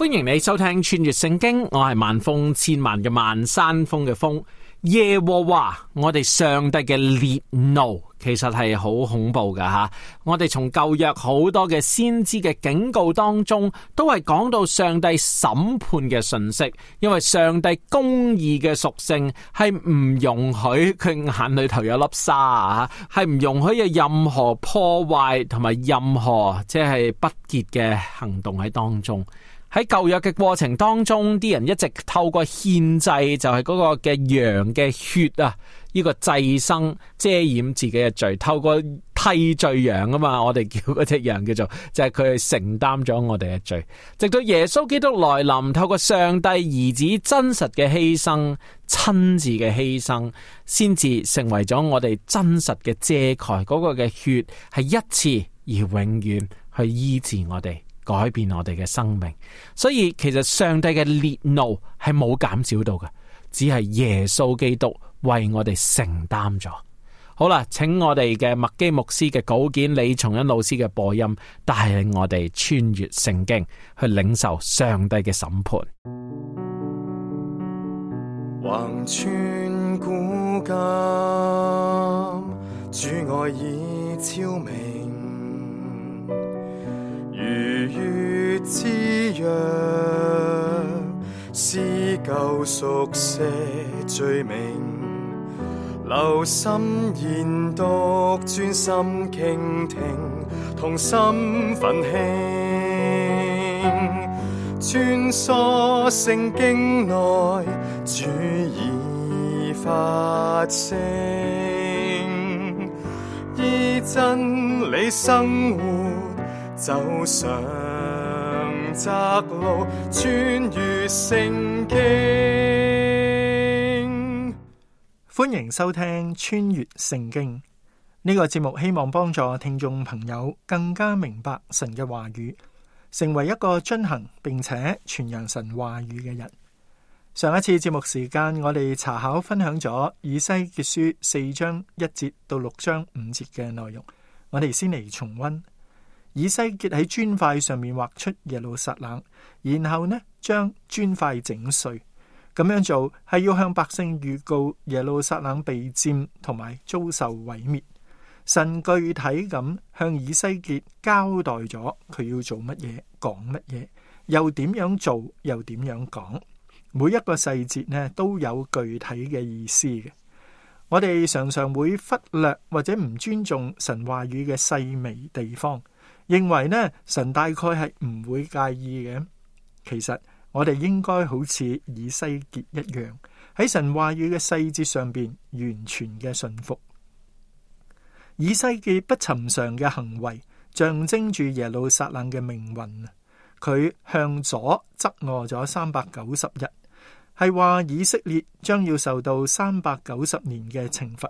歡迎你收聽穿越聖經。我係萬峰，千萬嘅萬山峰嘅峰耶和華，我哋上帝嘅烈怒其實係好恐怖嘅吓。我哋從舊約好多嘅先知嘅警告當中，都係講到上帝審判嘅訊息，因為上帝公義嘅屬性係唔容許佢眼裏頭有粒沙啊，係唔容許有任何破壞同埋任何即係不潔嘅行動喺當中。喺舊約嘅過程當中，啲人一直透過獻祭，就係嗰個嘅羊嘅血啊，呢個祭牲遮掩自己嘅罪，透過替罪羊啊嘛，我哋叫嗰隻羊叫做，就係、是、佢去承擔咗我哋嘅罪。直到耶穌基督來臨，透過上帝兒子真實嘅犧牲，親自嘅犧牲，先至成為咗我哋真實嘅遮蓋，嗰、那個嘅血係一次而永遠去醫治我哋。改變我哋嘅生命，所以其實上帝嘅烈怒係冇減少到嘅，只係耶穌基督為我哋承擔咗。好啦，請我哋嘅麥基牧師嘅稿件，李重恩老師嘅播音，帶領我哋穿越聖經去領受上帝嘅審判。橫穿古今，主愛已超微。如月之約，撕舊熟寫罪名，留心研讀，專心傾聽，同心奮興，穿梭聖經內，主已發聲，以真理生活。走上窄路，穿越聖經。歡迎收聽《穿越聖經》呢個節目，希望幫助聽眾朋友更加明白神嘅話語，成為一個遵行並且傳揚神話語嘅人。上一次節目時間，我哋查考分享咗《以西結書》四章一節到六章五節嘅內容，我哋先嚟重溫。以西結喺磚塊上面畫出耶路撒冷，然後呢，將磚塊整碎。咁樣做，係要向百姓預告耶路撒冷被佔同埋遭受毀滅。神具體咁向以西結交代咗佢要做乜嘢，講乜嘢，又點樣做，又點樣講，每一個細節呢都有具體嘅意思嘅。我哋常常會忽略或者唔尊重神話語嘅細微地方。認為呢，神大概係唔會介意嘅，其實我哋應該好似以西結一樣喺神話語嘅細節上邊完全嘅信服。以西結不尋常嘅行為象徵住耶路撒冷嘅命運，佢向左側臥咗三百九十日，係話以色列將要受到三百九十年嘅懲罰，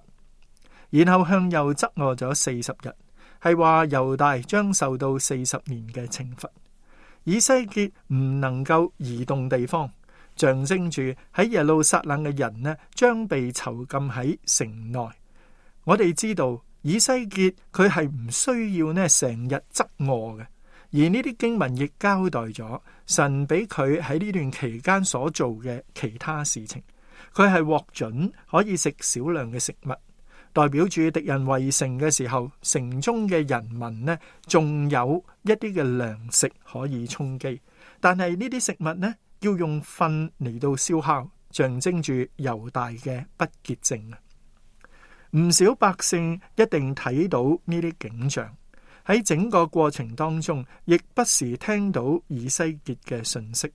然後向右側臥咗四十日。係話猶大將受到四十年嘅懲罰，以西結唔能夠移動地方，象徵住喺耶路撒冷嘅人呢，將被囚禁喺城內。我哋知道以西結佢係唔需要呢成日執餓嘅，而呢啲經文亦交代咗神俾佢喺呢段期間所做嘅其他事情，佢係獲准可以食少量嘅食物。代表住敵人圍城嘅時候，城中嘅人民呢，仲有一啲嘅糧食可以充飢。但係呢啲食物呢，要用糞嚟到燒烤，象徵住猶大嘅不潔淨啊。唔少百姓一定睇到呢啲景象，喺整個過程當中，亦不時聽到以西結嘅訊息。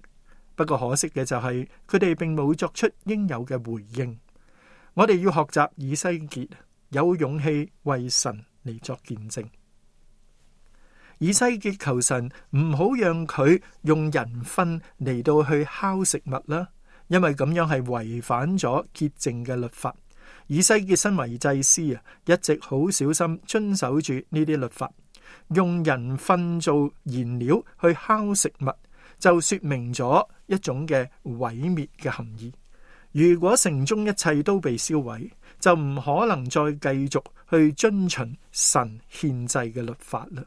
不過可惜嘅就係佢哋並冇作出應有嘅回應。我哋要學習以西結。有勇氣為神嚟作見證，以西結求神唔好讓佢用人糞嚟到去烤食物啦，因為咁樣係違反咗潔淨嘅律法。以西結身為祭司啊，一直好小心遵守住呢啲律法，用人糞做燃料去烤食物，就說明咗一種嘅毀滅嘅含義。如果城中一切都被燒毀，就唔可能再繼續去遵循神憲制嘅律法啦。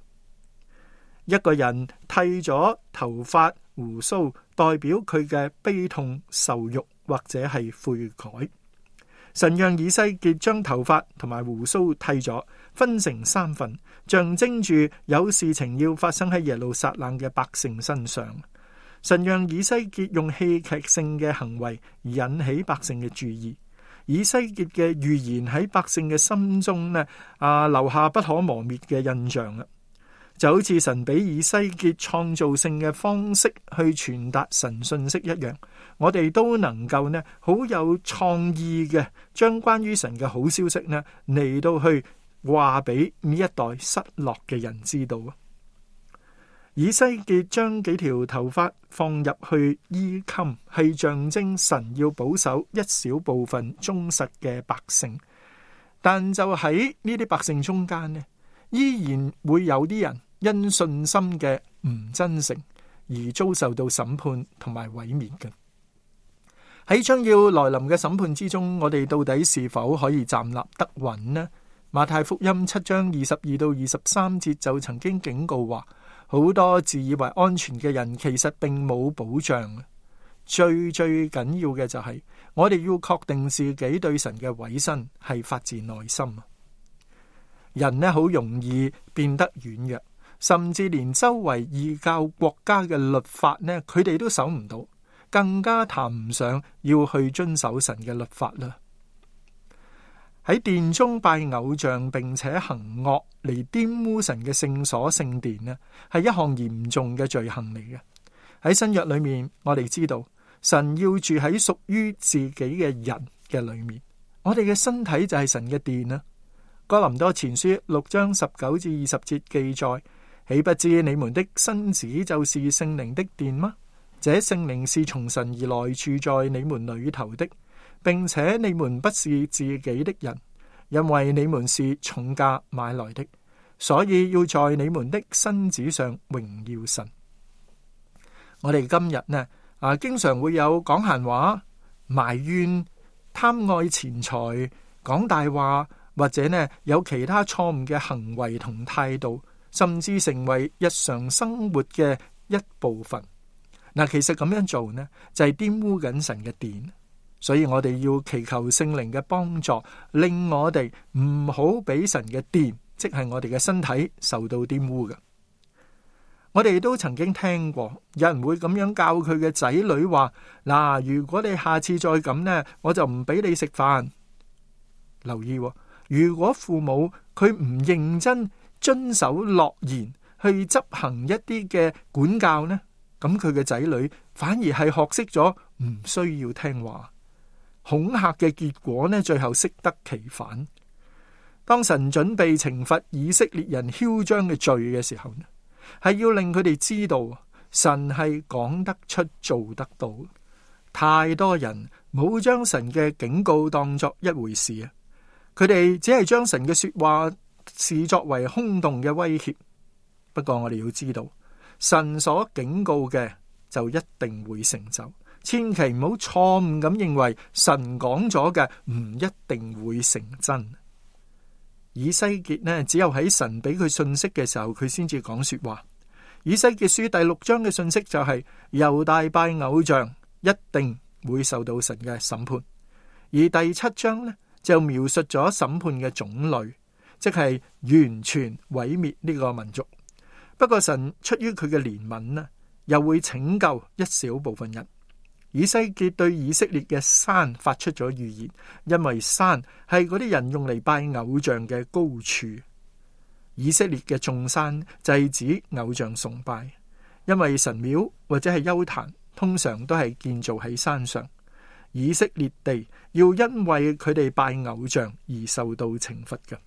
一個人剃咗頭髮、鬍鬚，代表佢嘅悲痛、受辱或者係悔改。神讓以西結將頭髮同埋鬍鬚剃咗，分成三份，象徵住有事情要發生喺耶路撒冷嘅百姓身上。神讓以西結用戲劇性嘅行為引起百姓嘅注意，以西結嘅預言喺百姓嘅心中呢啊，留下不可磨滅嘅印象啊！就好似神俾以西結創造性嘅方式去傳達神訊息一樣，我哋都能夠呢好有創意嘅將關於神嘅好消息呢，嚟到去話俾呢一代失落嘅人知道以西結將幾條頭髮放入去衣襟，係象徵神要保守一小部分忠實嘅百姓。但就喺呢啲百姓中間呢，依然會有啲人因信心嘅唔真誠而遭受到審判同埋毀滅嘅。喺將要來臨嘅審判之中，我哋到底是否可以站立得穩呢？馬太福音七章二十二到二十三節就曾經警告話。好多自以為安全嘅人，其實並冇保障。最最緊要嘅就係、是，我哋要確定自己對神嘅委身係發自內心啊！人呢，好容易變得軟弱，甚至連周圍異教國家嘅律法呢，佢哋都守唔到，更加談唔上要去遵守神嘅律法啦。喺殿中拜偶像，並且行惡嚟玷污神嘅聖所聖殿呢，係一項嚴重嘅罪行嚟嘅。喺新約裏面，我哋知道神要住喺屬於自己嘅人嘅裏面，我哋嘅身體就係神嘅殿啦。哥林多前書六章十九至二十節記載：豈不知你們的身子就是聖靈的殿嗎？這聖靈是從神而來，住在你們裏頭的。並且你們不是自己的人，因為你們是重價買來的，所以要在你們的身子上榮耀神。我哋今日呢啊，經常會有講閒話、埋怨、貪愛錢財、講大話，或者呢有其他錯誤嘅行為同態度，甚至成為日常生活嘅一部分。嗱、啊，其實咁樣做呢，就係、是、玷污緊神嘅殿。所以我哋要祈求聖靈嘅幫助，令我哋唔好俾神嘅殿，即係我哋嘅身體受到玷污嘅。我哋都曾經聽過，有人會咁樣教佢嘅仔女話：嗱，如果你下次再咁呢，我就唔俾你食飯。留意喎，如果父母佢唔認真遵守諾言，去執行一啲嘅管教呢，咁佢嘅仔女反而係學識咗唔需要聽話。恐嚇嘅結果呢，最後適得其反。當神準備懲罰以色列人囂張嘅罪嘅時候呢，係要令佢哋知道神係講得出做得到。太多人冇將神嘅警告當作一回事啊！佢哋只係將神嘅說話視作爲空洞嘅威脅。不過我哋要知道，神所警告嘅就一定會成就。千祈唔好錯誤咁認為神講咗嘅唔一定會成真。以西結呢，只有喺神俾佢信息嘅時候，佢先至講說話。以西結書第六章嘅信息就係猶大拜偶像，一定會受到神嘅審判。而第七章呢，就描述咗審判嘅種類，即係完全毀滅呢個民族。不過神出於佢嘅憐憫呢，又會拯救一小部分人。以西結對以色列嘅山發出咗預言，因為山係嗰啲人用嚟拜偶像嘅高處。以色列嘅眾山制止偶像崇拜，因為神廟或者係丘壇通常都係建造喺山上。以色列地要因為佢哋拜偶像而受到懲罰嘅。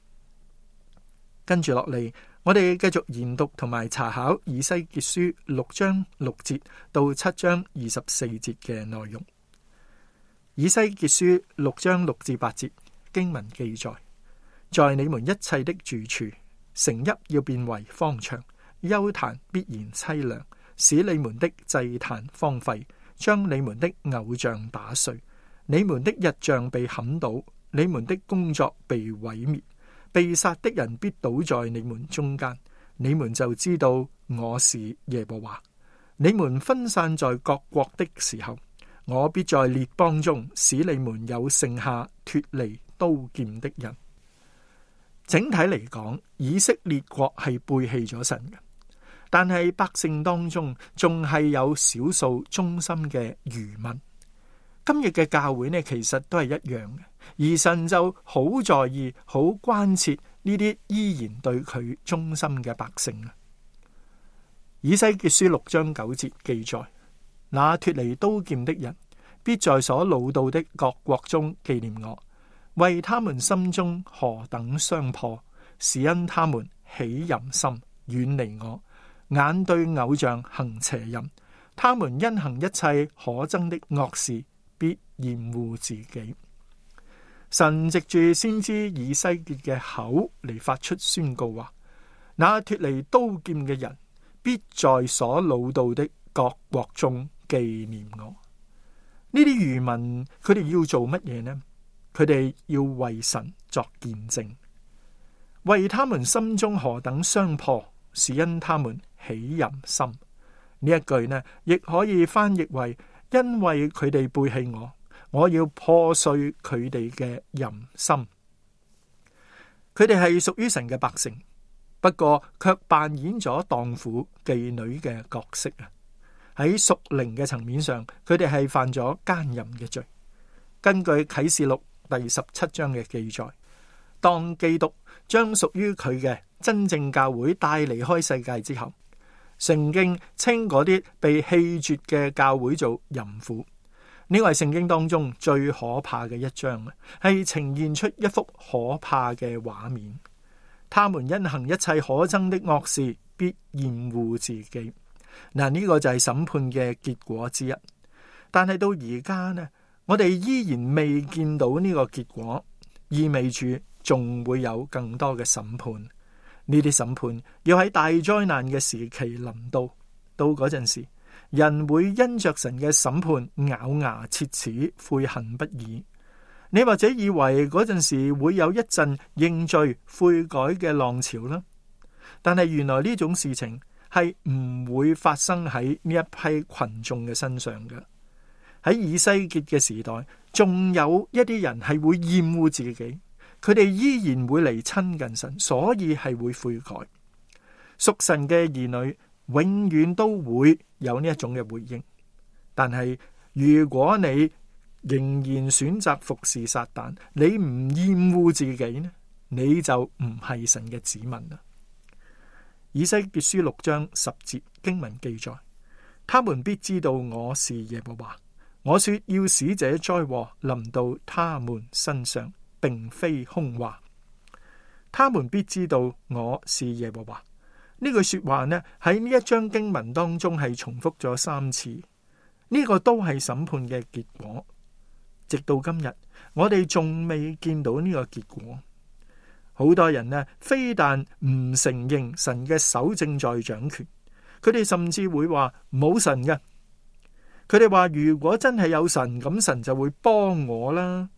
跟住落嚟。我哋繼續研讀同埋查考以西結書六章六節到七章二十四節嘅內容。以西結書六章六至八節經文記載：在你們一切的住處，城邑要變為荒場，幽壇必然淒涼，使你們的祭壇荒廢，將你們的偶像打碎，你們的日像被砍倒，你們的工作被毀滅。被殺的人必倒在你們中間，你們就知道我是耶和華。你們分散在各國的時候，我必在列邦中使你們有剩下脫離刀劍的人。整體嚟講，以色列國係背棄咗神嘅，但係百姓當中仲係有少數忠心嘅餘民。今日嘅教會呢，其實都係一樣嘅。而神就好在意、好關切呢啲依然對佢忠心嘅百姓啊。以西結書六章九節記載：那脱離刀劍的人，必在所擄到的各國中紀念我，為他們心中何等傷破，是因他們起淫心遠離我，眼對偶像行邪淫，他們因行一切可憎的惡事，必厭惡自己。神藉住先知以西結嘅口嚟發出宣告話：那脱離刀劍嘅人，必在所擄到的各國中紀念我。呢啲漁民，佢哋要做乜嘢呢？佢哋要為神作見證，為他們心中何等傷破，是因他們起淫心。呢一句呢，亦可以翻譯為：因為佢哋背棄我。我要破碎佢哋嘅淫心，佢哋係屬於神嘅百姓，不過卻扮演咗蕩婦妓女嘅角色啊！喺屬靈嘅層面上，佢哋係犯咗姦淫嘅罪。根據啟示錄第十七章嘅記載，當基督將屬於佢嘅真正教會帶離開世界之後，聖經稱嗰啲被棄絕嘅教會做淫婦。呢個係聖經當中最可怕嘅一章，係呈現出一幅可怕嘅畫面。他們因行一切可憎的惡事，必厭惡自己。嗱，呢個就係審判嘅結果之一。但係到而家呢，我哋依然未見到呢個結果，意味住仲會有更多嘅審判。呢啲審判要喺大災難嘅時期臨到，到嗰陣時。人會因着神嘅審判咬牙切齒、悔恨不已。你或者以為嗰陣時會有一陣認罪悔改嘅浪潮啦，但係原來呢種事情係唔會發生喺呢一批群眾嘅身上嘅。喺以西結嘅時代，仲有一啲人係會厭惡自己，佢哋依然會嚟親近神，所以係會悔改。屬神嘅兒女。永遠都會有呢一種嘅回應，但係如果你仍然選擇服侍撒旦，你唔厭惡自己呢？你就唔係神嘅子民啦。以西結書六章十節經文記載：他們必知道我是耶和華，我說要使這災禍臨到他們身上，並非空話。他們必知道我是耶和華。句呢句說話咧喺呢一章經文當中係重複咗三次，呢、呢個都係審判嘅結果。直到今日，我哋仲未見到呢個結果。好多人呢，非但唔承認神嘅手正在掌權，佢哋甚至會話冇神嘅。佢哋話：如果真係有神，咁神就會幫我啦。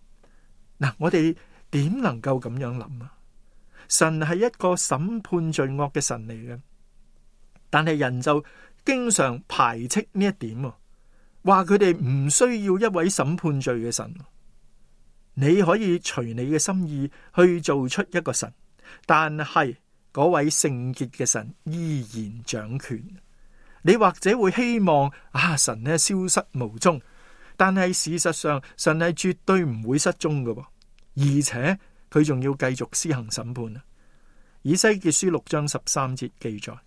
嗱，我哋點能夠咁樣諗啊？神係一個審判罪惡嘅神嚟嘅，但係人就經常排斥呢一點，話佢哋唔需要一位審判罪嘅神。你可以隨你嘅心意去做出一個神，但係嗰位聖潔嘅神依然掌權。你或者會希望啊神呢消失無蹤，但係事實上神係絕對唔會失蹤嘅，而且。佢仲要繼續施行審判。以西結書六章十三節記載，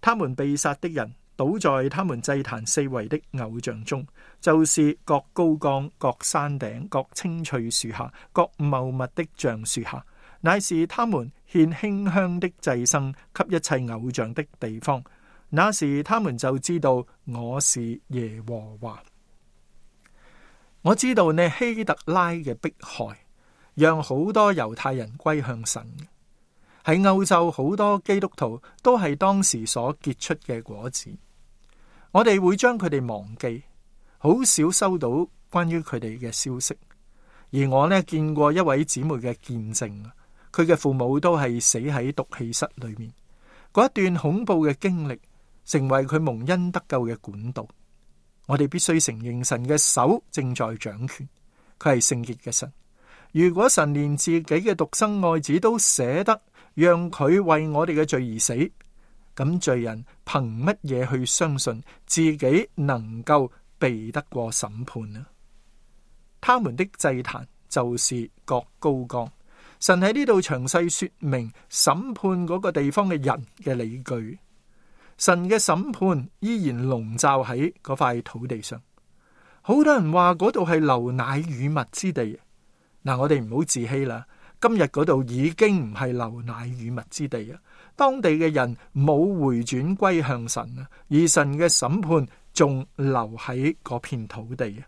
他們被殺的人倒在他們祭壇四圍的偶像中，就是各高崗、各山頂、各青翠樹下、各茂密的橡樹下，乃是他們獻馨香的祭牲給一切偶像的地方。那時他們就知道我是耶和華。我知道呢希特拉嘅迫害。讓好多猶太人歸向神。喺歐洲，好多基督徒都係當時所結出嘅果子。我哋會將佢哋忘記，好少收到關於佢哋嘅消息。而我呢，見過一位姊妹嘅見證，佢嘅父母都係死喺毒氣室裏面，嗰一段恐怖嘅經歷，成為佢蒙恩得救嘅管道。我哋必須承認，神嘅手正在掌權，佢係聖潔嘅神。如果神連自己嘅獨生愛子都捨得讓佢為我哋嘅罪而死，咁罪人憑乜嘢去相信自己能夠避得過審判呢？他們的祭壇就是各高崗，神喺呢度詳細說明審判嗰個地方嘅人嘅理據。神嘅審判依然籠罩喺嗰塊土地上。好多人話嗰度係流奶與蜜之地。嗱，我哋唔好自欺啦。今日嗰度已經唔係流奶與蜜之地啊。當地嘅人冇回轉歸向神啊，而神嘅審判仲留喺嗰片土地啊。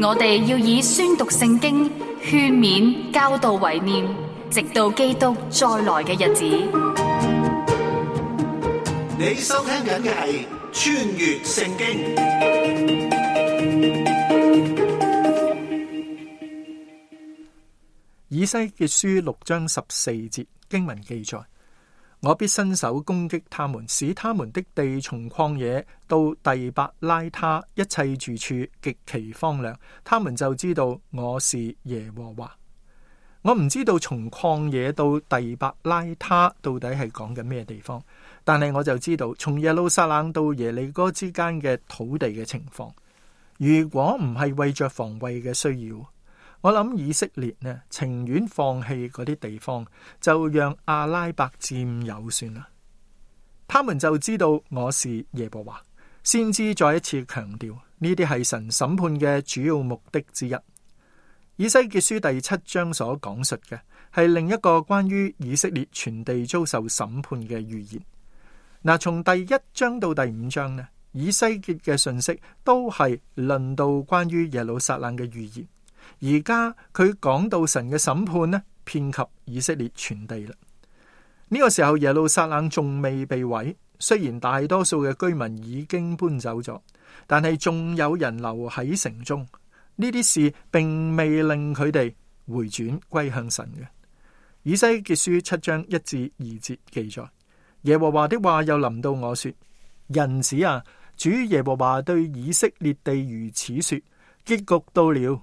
我哋要以宣讀聖經勸勉、教導為念，直到基督再來嘅日子。你收聽緊嘅係《穿越聖經》。以西結書六章十四節經文記載：我必伸手攻擊他們，使他們的地從曠野到第伯拉他一切住處極其荒涼。他們就知道我是耶和華。我唔知道從曠野到第伯拉他到底係講緊咩地方，但係我就知道從耶路撒冷到耶利哥之間嘅土地嘅情況，如果唔係為着防衛嘅需要。我諗以色列呢，情願放棄嗰啲地方，就讓阿拉伯佔有算啦。他們就知道我是耶和華，先知再一次強調呢啲係神審判嘅主要目的之一。以西結書第七章所講述嘅係另一個關於以色列全地遭受審判嘅預言。嗱，從第一章到第五章呢，以西結嘅信息都係論到關於耶路撒冷嘅預言。而家佢講到神嘅審判呢，遍及以色列全地啦。呢個時候，耶路撒冷仲未被毀，雖然大多數嘅居民已經搬走咗，但係仲有人留喺城中。呢啲事並未令佢哋回轉歸向神嘅。以西結書七章一至二節記載：耶和華的話又臨到我說：人子啊，主耶和華對以色列地如此說：結局到了。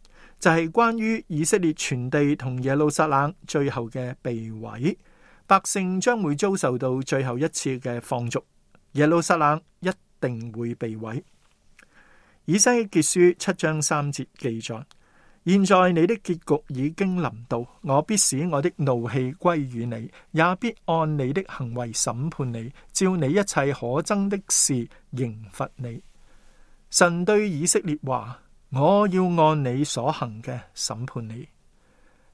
就係關於以色列全地同耶路撒冷最後嘅被毀，百姓將會遭受到最後一次嘅放逐，耶路撒冷一定會被毀。以西結書七章三節記載：現在你的結局已經臨到，我必使我的怒氣歸於你，也必按你的行為審判你，照你一切可憎的事刑罰你。神對以色列話。我要按你所行嘅，審判你。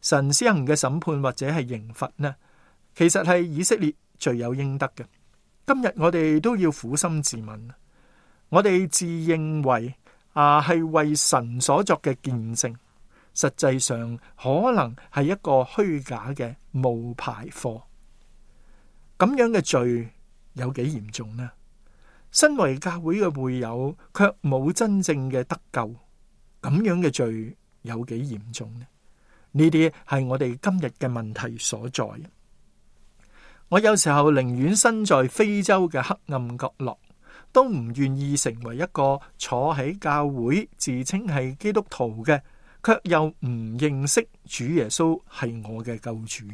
神施行嘅審判或者係刑罰呢？其實係以色列罪有應得嘅。今日我哋都要苦心自問，我哋自認為啊，係為神所作嘅見證，實際上可能係一個虛假嘅冒牌貨。咁樣嘅罪有幾嚴重呢？身為教會嘅會友，卻冇真正嘅得救。咁樣嘅罪有幾嚴重呢？呢啲係我哋今日嘅問題所在。我有時候寧願身在非洲嘅黑暗角落，都唔願意成為一個坐喺教會自稱係基督徒嘅，卻又唔認識主耶穌係我嘅救主。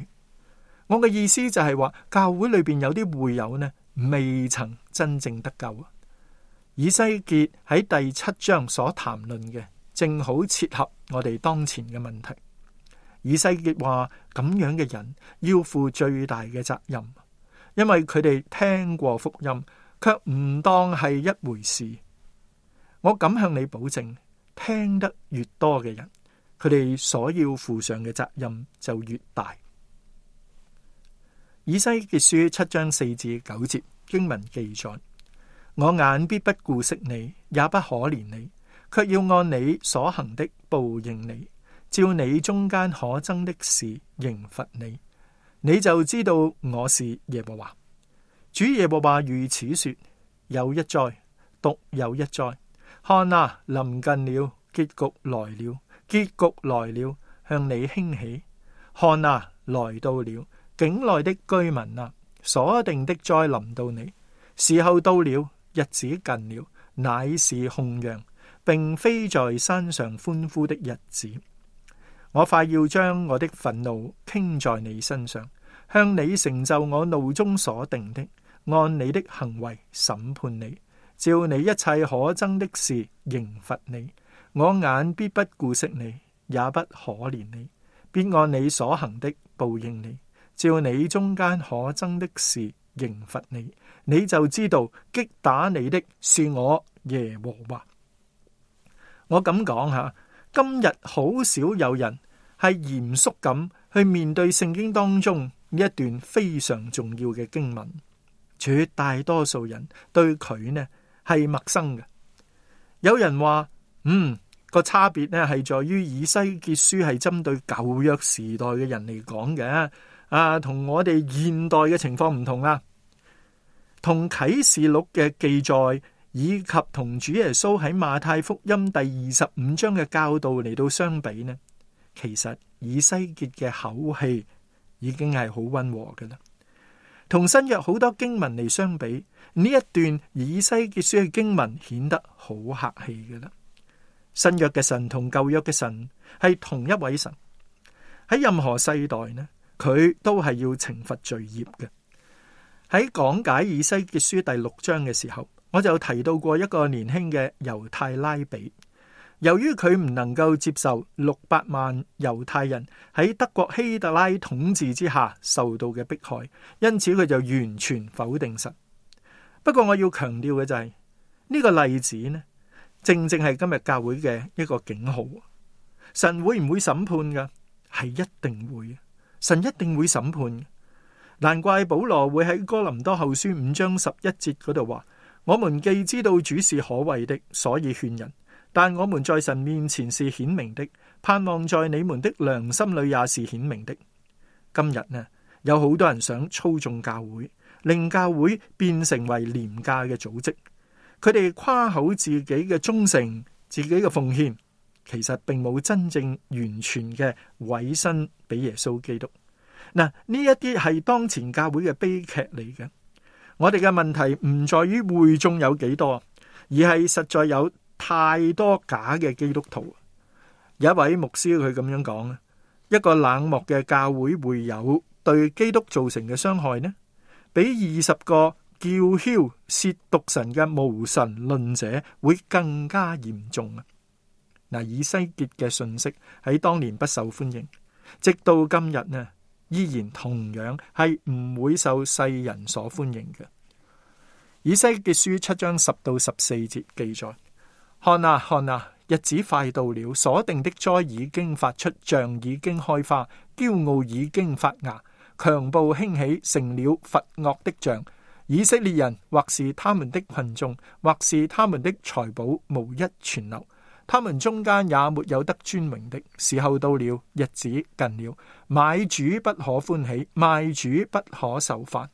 我嘅意思就係話，教會裏邊有啲會友呢，未曾真正得救。以西結喺第七章所談論嘅。正好切合我哋當前嘅問題。以西結話：咁樣嘅人要負最大嘅責任，因為佢哋聽過福音，却唔當係一回事。我敢向你保證，聽得越多嘅人，佢哋所要負上嘅責任就越大。以西結書七章四至九節經文記載：我眼必不顧惜你，也不可憐你。卻要按你所行的報應你，照你中間可憎的事刑罰你。你就知道我是耶和華。主耶和華如此說，有一災，獨有一災。看啊，臨近了，結局來了，結局來了，向你興起。看啊，來到了，境內的居民啊，所定的災臨到你，時候到了，日子近了，乃是哄嚷。並非在山上歡呼的日子，我快要將我的憤怒傾在你身上，向你成就我怒中所定的，按你的行為審判你，照你一切可憎的事刑罰你。我眼必不顧惜你，也不可憐你，必按你所行的報應你，照你中間可憎的事刑罰你。你就知道擊打你的是我耶和華。我咁講吓，今日好少有人係嚴肅咁去面對聖經當中呢一段非常重要嘅經文，絕大多數人對佢呢係陌生嘅。有人話：嗯，個差別呢係在於以西結書係針對舊約時代嘅人嚟講嘅，啊，同我哋現代嘅情況唔同啦，啊。同啟示錄嘅記載。以及同主耶穌喺馬太福音第二十五章嘅教導嚟到相比呢，其實以西結嘅口氣已經係好溫和嘅啦。同新約好多經文嚟相比，呢一段以西結書嘅經文顯得好客氣嘅啦。新約嘅神同舊約嘅神係同一位神，喺任何世代呢，佢都係要懲罰罪孽嘅。喺講解以西結書第六章嘅時候，我就提到過一個年輕嘅猶太拉比，由於佢唔能夠接受六百萬猶太人喺德國希特拉統治之下受到嘅迫害，因此佢就完全否定神。不過，我要強調嘅就係呢個例子呢，正正係今日教會嘅一個警號。神會唔會審判噶？係一定會，神一定會審判。難怪保羅會喺哥林多後書五章十一節嗰度話。我們既知道主是可畏的，所以勸人；但我們在神面前是顯明的，盼望在你們的良心裏也是顯明的。今日呢，有好多人想操縱教會，令教會變成為廉價嘅組織。佢哋誇口自己嘅忠誠，自己嘅奉獻，其實並冇真正完全嘅委身俾耶穌基督。嗱，呢一啲係當前教會嘅悲劇嚟嘅。我哋嘅問題唔在於會眾有幾多，而係實在有太多假嘅基督徒。有一位牧師佢咁樣講：一個冷漠嘅教會會有對基督造成嘅傷害呢？比二十個叫囂褻瀆神嘅無神論者會更加嚴重啊！嗱，以西結嘅信息喺當年不受歡迎，直到今日呢，依然同樣係唔會受世人所歡迎嘅。以西結書七章十到十四節記載：看啊，看啊，日子快到了，所定的災已經發出，杖已經開花，驕傲已經發芽，強暴興起，成了罰惡的杖。以色列人或是他們的群眾，或是他們的財寶，無一存留。他們中間也沒有得尊榮的。時候到了，日子近了，買主不可歡喜，賣主不可受煩。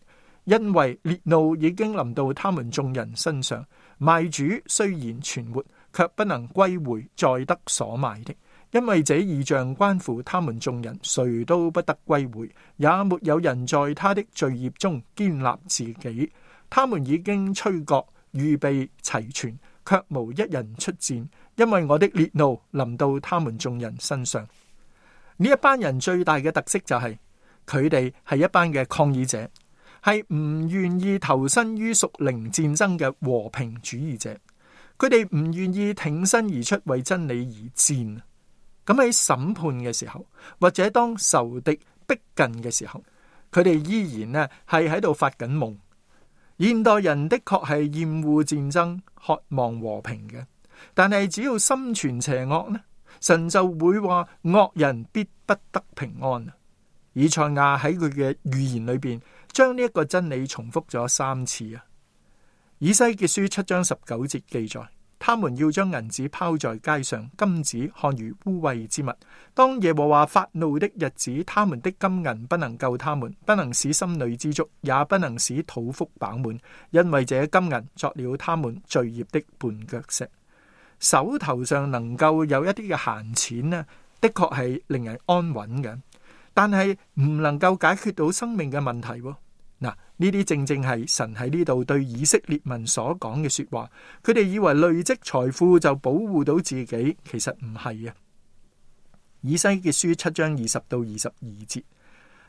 因為烈怒已經臨到他們眾人身上，賣主雖然存活，卻不能歸回，再得所賣的。因為這異象關乎他們眾人，誰都不得歸回，也沒有人在他的罪孽中建立自己。他們已經吹角，預備齊全，卻無一人出戰，因為我的烈怒臨到他們眾人身上。呢一班人最大嘅特色就係佢哋係一班嘅抗議者。係唔願意投身於屬靈戰爭嘅和平主義者，佢哋唔願意挺身而出為真理而戰。咁喺審判嘅時候，或者當仇敵逼近嘅時候，佢哋依然呢係喺度發緊夢。現代人的確係厭惡戰爭，渴望和平嘅，但係只要心存邪惡呢，神就會話惡人必不得平安。以賽亞喺佢嘅預言裏邊。將呢一個真理重複咗三次啊！以西結書七章十九節記載，他們要將銀子拋在街上，金子看如污穢之物。當耶和華發怒的日子，他們的金銀不能救他們，不能使心裏知足，也不能使肚腹飽滿，因為這金銀作了他們罪孽的絆腳石。手頭上能夠有一啲嘅閒錢呢，的確係令人安穩嘅，但係唔能夠解決到生命嘅問題。呢啲正正係神喺呢度對以色列民所講嘅說話，佢哋以為累積財富就保護到自己，其實唔係啊。以西結書七章二十到二十二節，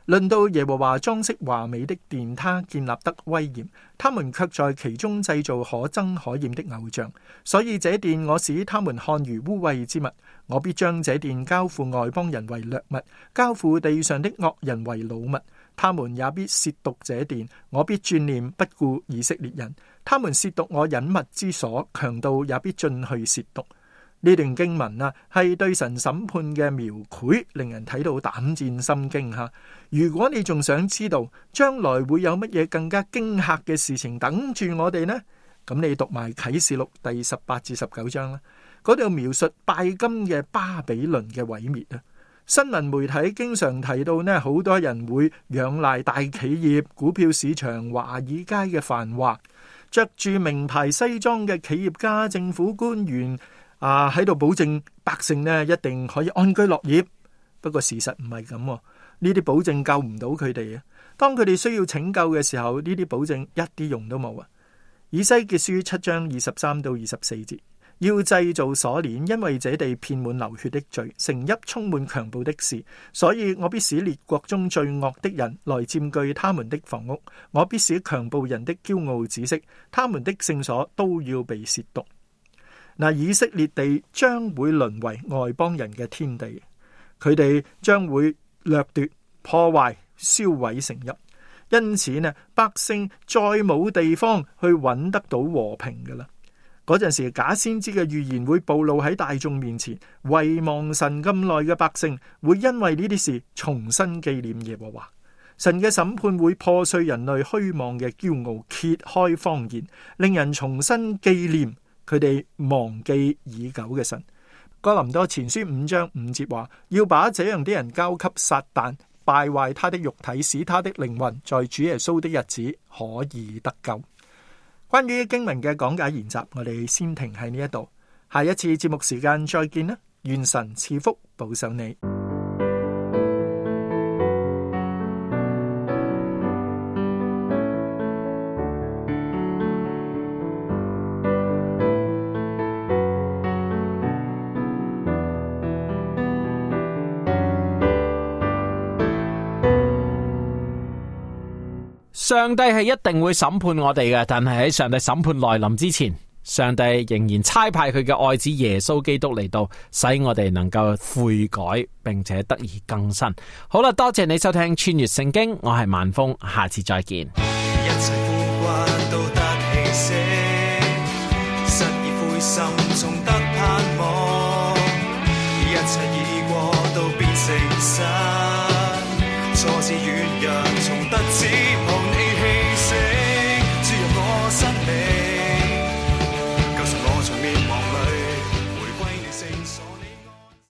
論到耶和華裝飾華美的殿，他建立得威嚴，他們卻在其中製造可憎可厭的偶像，所以這殿我使他們看如污穢之物，我必將這殿交付外邦人為掠物，交付地上的惡人為擄物。他們也必褻瀆這殿，我必轉臉不顧以色列人。他們褻瀆我隱密之所，強盜也必進去褻瀆。呢段經文啊，係對神審判嘅描繪，令人睇到膽戰心驚吓。如果你仲想知道將來會有乜嘢更加驚嚇嘅事情等住我哋呢？咁你讀埋啟示錄第十八至十九章啦，嗰度描述拜金嘅巴比倫嘅毀滅啊！新聞媒體經常提到呢，好多人會仰賴大企業、股票市場、華爾街嘅繁華，着住名牌西裝嘅企業家、政府官員啊，喺度保證百姓呢，一定可以安居樂業。不過事實唔係咁，呢啲保證救唔到佢哋。當佢哋需要拯救嘅時候，呢啲保證一啲用都冇啊。以西結書七章二十三到二十四節。要製造鎖鏈，因為這地遍滿流血的罪，城邑充滿強暴的事，所以我必使列國中最惡的人來佔據他們的房屋，我必使強暴人的驕傲止息，他們的聖所都要被褻瀆。嗱，以色列地將會淪為外邦人嘅天地，佢哋將會掠奪、破壞、燒毀城邑。因此呢，百姓再冇地方去揾得到和平噶啦。嗰陣時假先知嘅預言會暴露喺大眾面前，遺忘神咁耐嘅百姓會因為呢啲事重新紀念耶和華，神嘅審判會破碎人類虛妄嘅驕傲，揭開謊言，令人重新紀念佢哋忘記已久嘅神。哥林多前書五章五節話，要把這樣啲人交給撒旦，敗壞他的肉體，使他的靈魂在主耶穌的日子可以得救。關於經文嘅講解研習，我哋先停喺呢一度。下一次節目時間再見啦！願神賜福保守你。上帝係一定會審判我哋嘅，但係喺上帝審判來臨之前，上帝仍然差派佢嘅愛子耶穌基督嚟到，使我哋能夠悔改，並且得以更新。好啦，多謝你收聽穿越聖經，我係萬峰，下次再見。